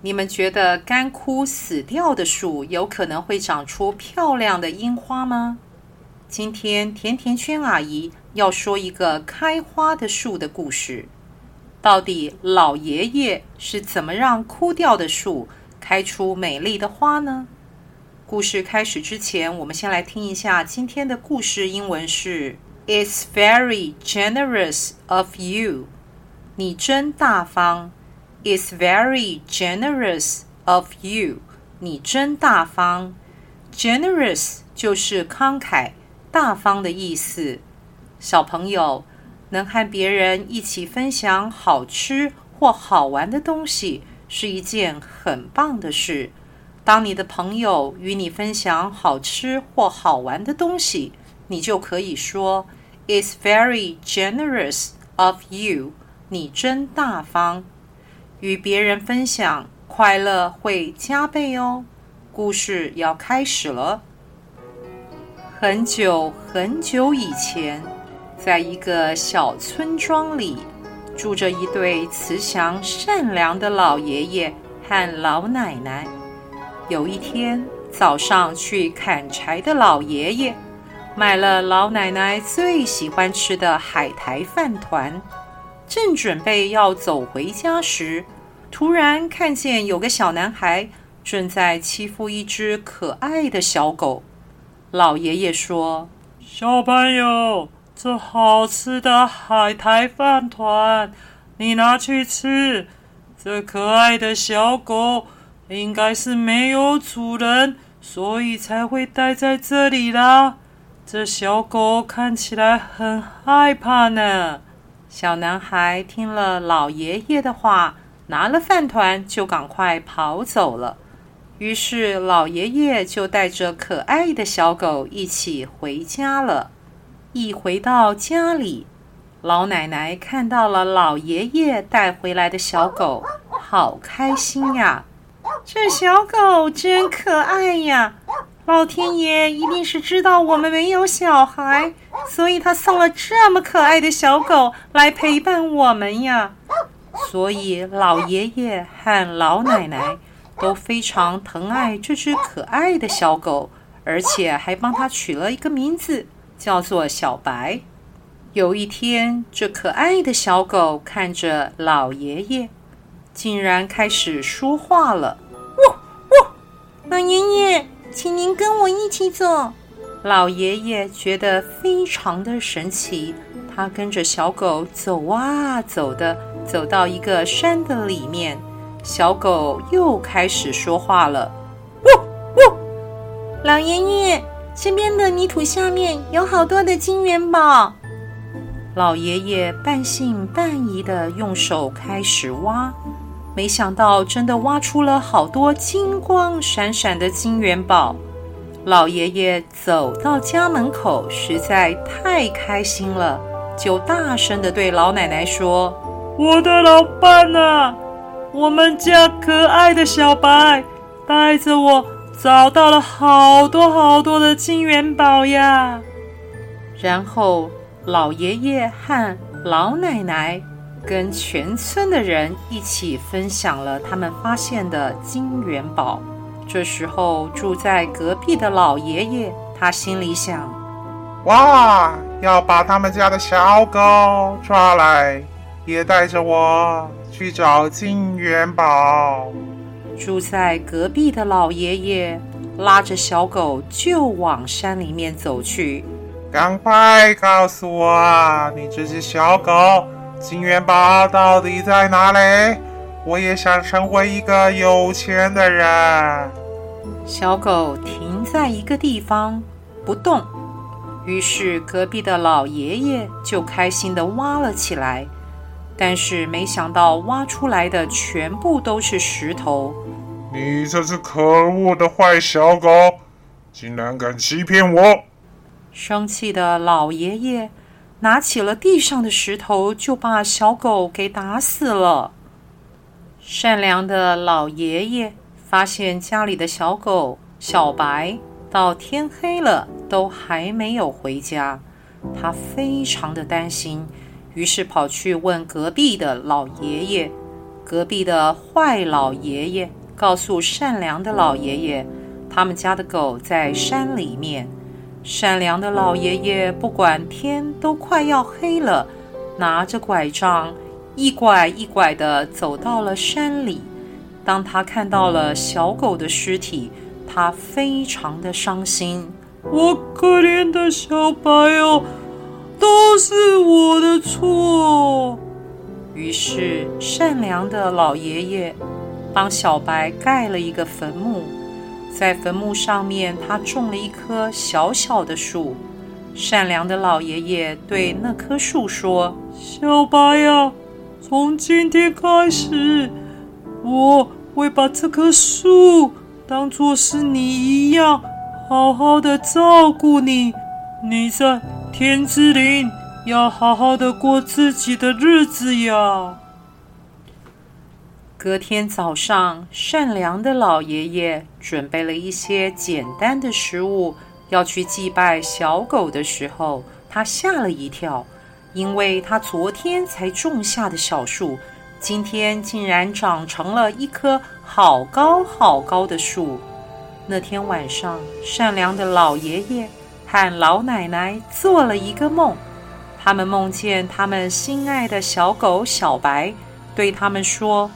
你們覺得乾枯死掉的樹有可能會長出漂亮的櫻花嗎？今天甜甜圈阿姨要說一個開花的樹的故事。到底老爺爺是怎麼讓枯掉的樹開出美麗的花呢？故事開始之前，我們先來聽一下今天的故事。英文是 It's very generous of you. 你真大方。It's very generous of you。你真大方。Generous 就是慷慨、大方的意思。小朋友能和別人一起分享好吃或好玩的東西是一件很棒的事。當你的朋友與你分享好吃或好玩的東西，你就可以說 "It's very generous of you。你真大方。"與別人分享快樂會加倍哦！故事要開始了。很久很久以前，在一個小村莊裡，住着一對慈祥善良的老爺爺和老奶奶。有一天，早上去砍柴的老爺爺買了老奶奶最喜歡吃的海苔飯糰。正準備要走回家時，突然看見有個小男孩正在欺負一隻可愛的小狗。老爺爺說：“小朋友，這好吃的海苔飯糰，你拿去吃。這可愛的小狗應該是沒有主人，所以才會待在這裡啦。這小狗看起來很害怕呢。”小男孩聽了老爺爺的話，拿了飯糰就趕快跑走了。於是老爺爺就帶着可愛的小狗一起回家了。一回到家裡，老奶奶看到了老爺爺帶回來的小狗，好開心呀！這小狗真可愛呀！老天爺一定是知道我們沒有小孩，所以他送了這麼可愛的小狗來陪伴我們呀。所以老爺爺和老奶奶都非常疼愛這隻可愛的小狗，而且還幫它取了一個名字，叫做小白。有一天，這可愛的小狗看着老爺爺，竟然開始說話了：“汪汪，老爺爺！”請您跟我一起走。老爺爺覺得非常的神奇，他跟着小狗走啊走的，走到一個山的裡面，小狗又開始說話了：“嗚、哦、嗚、哦，老爺爺，身邊的泥土下面有好多的金元寶。”老爺爺半信半疑的用手開始挖。沒想到真的挖出了好多金光閃閃的金元寶，老爺爺走到家門口，實在太開心了，就大聲地對老奶奶說：“我的老伴吶、啊，我們家可愛的小白帶着我找到了好多好多的金元寶呀！”然後老爺爺和老奶奶，跟全村的人一起分享了他們發現的金元寶。這時候，住在隔壁的老爺爺，他心裡想：“哇，要把他們家的小狗抓來，也帶着我去找金元寶。”住在隔壁的老爺爺拉着小狗就往山裡面走去。趕快告訴我，你這隻小狗！金元寶到底在哪裡？我也想成為一個有錢的人。小狗停在一個地方不動，於是隔壁的老爺爺就開心地挖了起來。但是沒想到，挖出來的全部都是石頭。你這隻可惡的壞小狗，竟然敢欺騙我！生氣的老爺爺。拿起了地上的石頭，就把小狗給打死了。善良的老爺爺發現家裡的小狗小白到天黑了都還沒有回家，他非常的擔心，於是跑去問隔壁的老爺爺。隔壁的壞老爺爺告訴善良的老爺爺，他們家的狗在山裡面。善良的老爺爺不管天都快要黑了，拿着拐杖，一拐一拐地走到了山裡。當他看到了小狗的屍體，他非常的傷心。我可憐的小白哦，都是我的錯哦。於是，善良的老爺爺幫小白蓋了一個墳墓。在墳墓上面，他種了一棵小小的樹。善良的老爺爺對那棵樹說：“小白呀，從今天開始，我會把這棵樹當作是你一樣，好好的照顧你。你在天之靈，要好好的過自己的日子呀。”隔天早上，善良的老爺爺準備了一些簡單的食物，要去祭拜小狗的時候，他嚇了一跳，因為他昨天才種下的小樹，今天竟然長成了一棵好高好高的樹。那天晚上，善良的老爺爺和老奶奶做了一個夢，他們夢見他們心愛的小狗小白對他們說。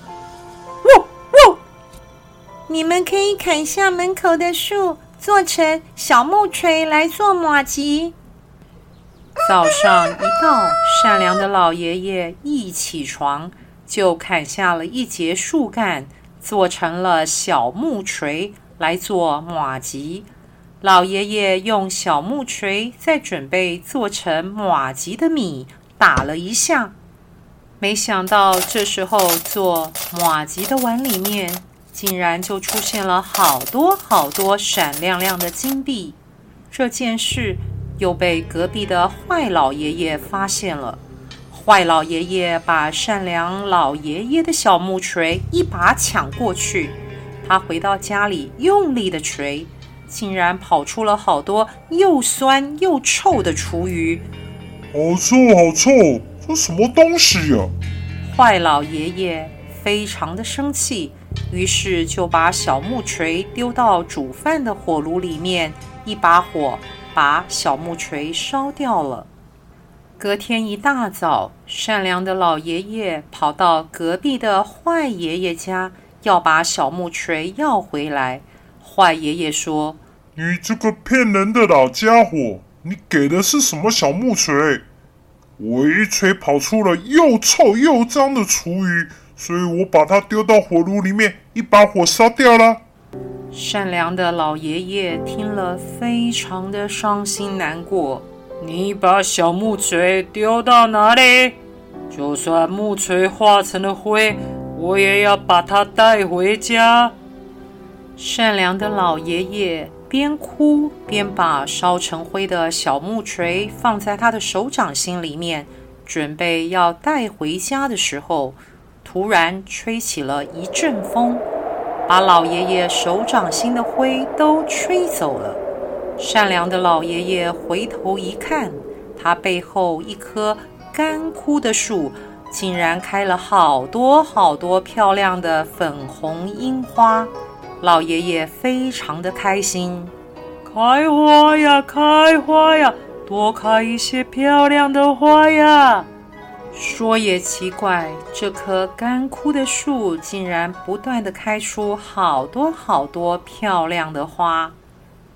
你們可以砍下門口的樹，做成小木錘來做麻糬。早上一到，善良的老爺爺一起床就砍下了一截樹幹，做成了小木錘來做麻糬。老爺爺用小木錘在準備做成麻糬的米打了一下，沒想到這時候做麻糬的碗裡面。竟然就出現了好多好多閃亮亮的金幣，這件事又被隔壁的壞老爺爺發現了。壞老爺爺把善良老爺爺的小木錘一把搶過去，他回到家裡用力的錘，竟然跑出了好多又酸又臭的廚餘。好臭好臭，這什麼東西呀、啊？壞老爺爺非常的生氣。於是就把小木錘丟到煮飯的火爐裡面，一把火把小木錘燒掉了。隔天一大早，善良的老爺爺跑到隔壁的壞爺爺家，要把小木錘要回來。壞爺爺說：“你這個騙人的老家伙，你給的是什麼小木錘？我一錘跑出了又臭又髒的廚餘。”所以我把它丟到火爐裡面，一把火燒掉了。善良的老爺爺聽了，非常的傷心難過。你把小木錘丟到哪裡？就算木錘化成了灰，我也要把它帶回家。善良的老爺爺邊哭邊把燒成灰的小木錘放在他的手掌心裡面，準備要帶回家的時候。突然吹起了一陣風，把老爺爺手掌心的灰都吹走了。善良的老爺爺回頭一看，他背後一棵乾枯的樹竟然開了好多好多漂亮的粉紅櫻花，老爺爺非常的開心。開花呀，開花呀，多開一些漂亮的花呀！說也奇怪，這棵乾枯的樹竟然不斷地開出好多好多漂亮的花。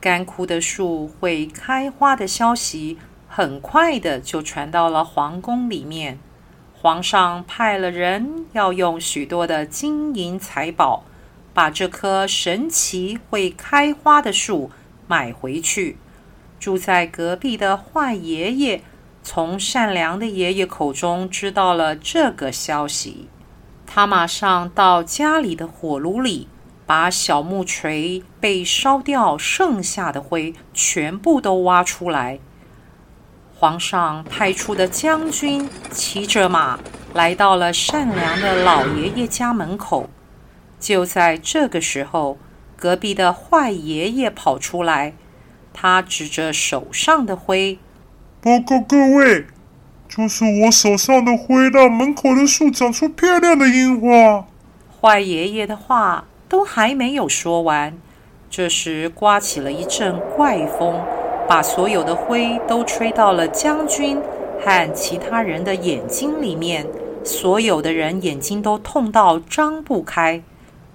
乾枯的樹會開花的消息很快地就傳到了皇宮裡面，皇上派了人要用許多的金銀財寶把這棵神奇會開花的樹買回去。住在隔壁的壞爺爺。從善良的爺爺口中知道了這個消息，他馬上到家裡的火爐裡，把小木錘被燒掉剩下的灰全部都挖出來。皇上派出的將軍騎着馬來到了善良的老爺爺家門口。就在這個時候，隔壁的壞爺爺跑出來，他指着手上的灰。報告各位，就是我手上的灰，讓門口的樹長出漂亮的櫻花。壞爺爺的話都還沒有說完，這時颳起了一陣怪風，把所有的灰都吹到了將軍和其他人的眼睛裡面。所有的人眼睛都痛到張不開。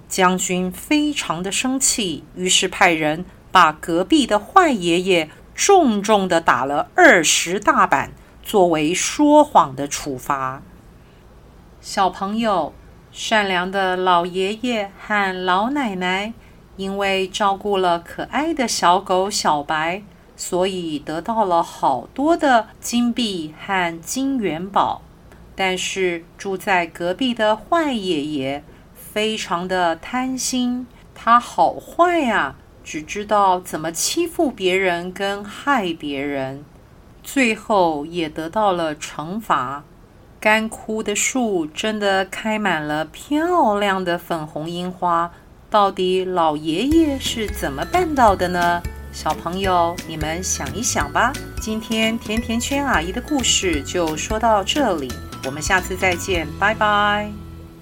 將軍非常的生氣，於是派人把隔壁的壞爺爺。重重的打了二十大板，作為說謊的處罰。小朋友，善良的老爺爺和老奶奶，因為照顧了可愛的小狗小白，所以得到了好多的金幣和金元寶。但是住在隔壁的壞爺爺，非常的貪心，他好壞呀、啊！只知道怎麼欺負別人跟害別人，最後也得到了懲罰。乾枯的樹真的開滿了漂亮的粉紅櫻花，到底老爺爺是怎麼辦到的呢？小朋友，你們想一想吧。今天甜甜圈阿姨的故事就說到這裡，我們下次再見，拜拜。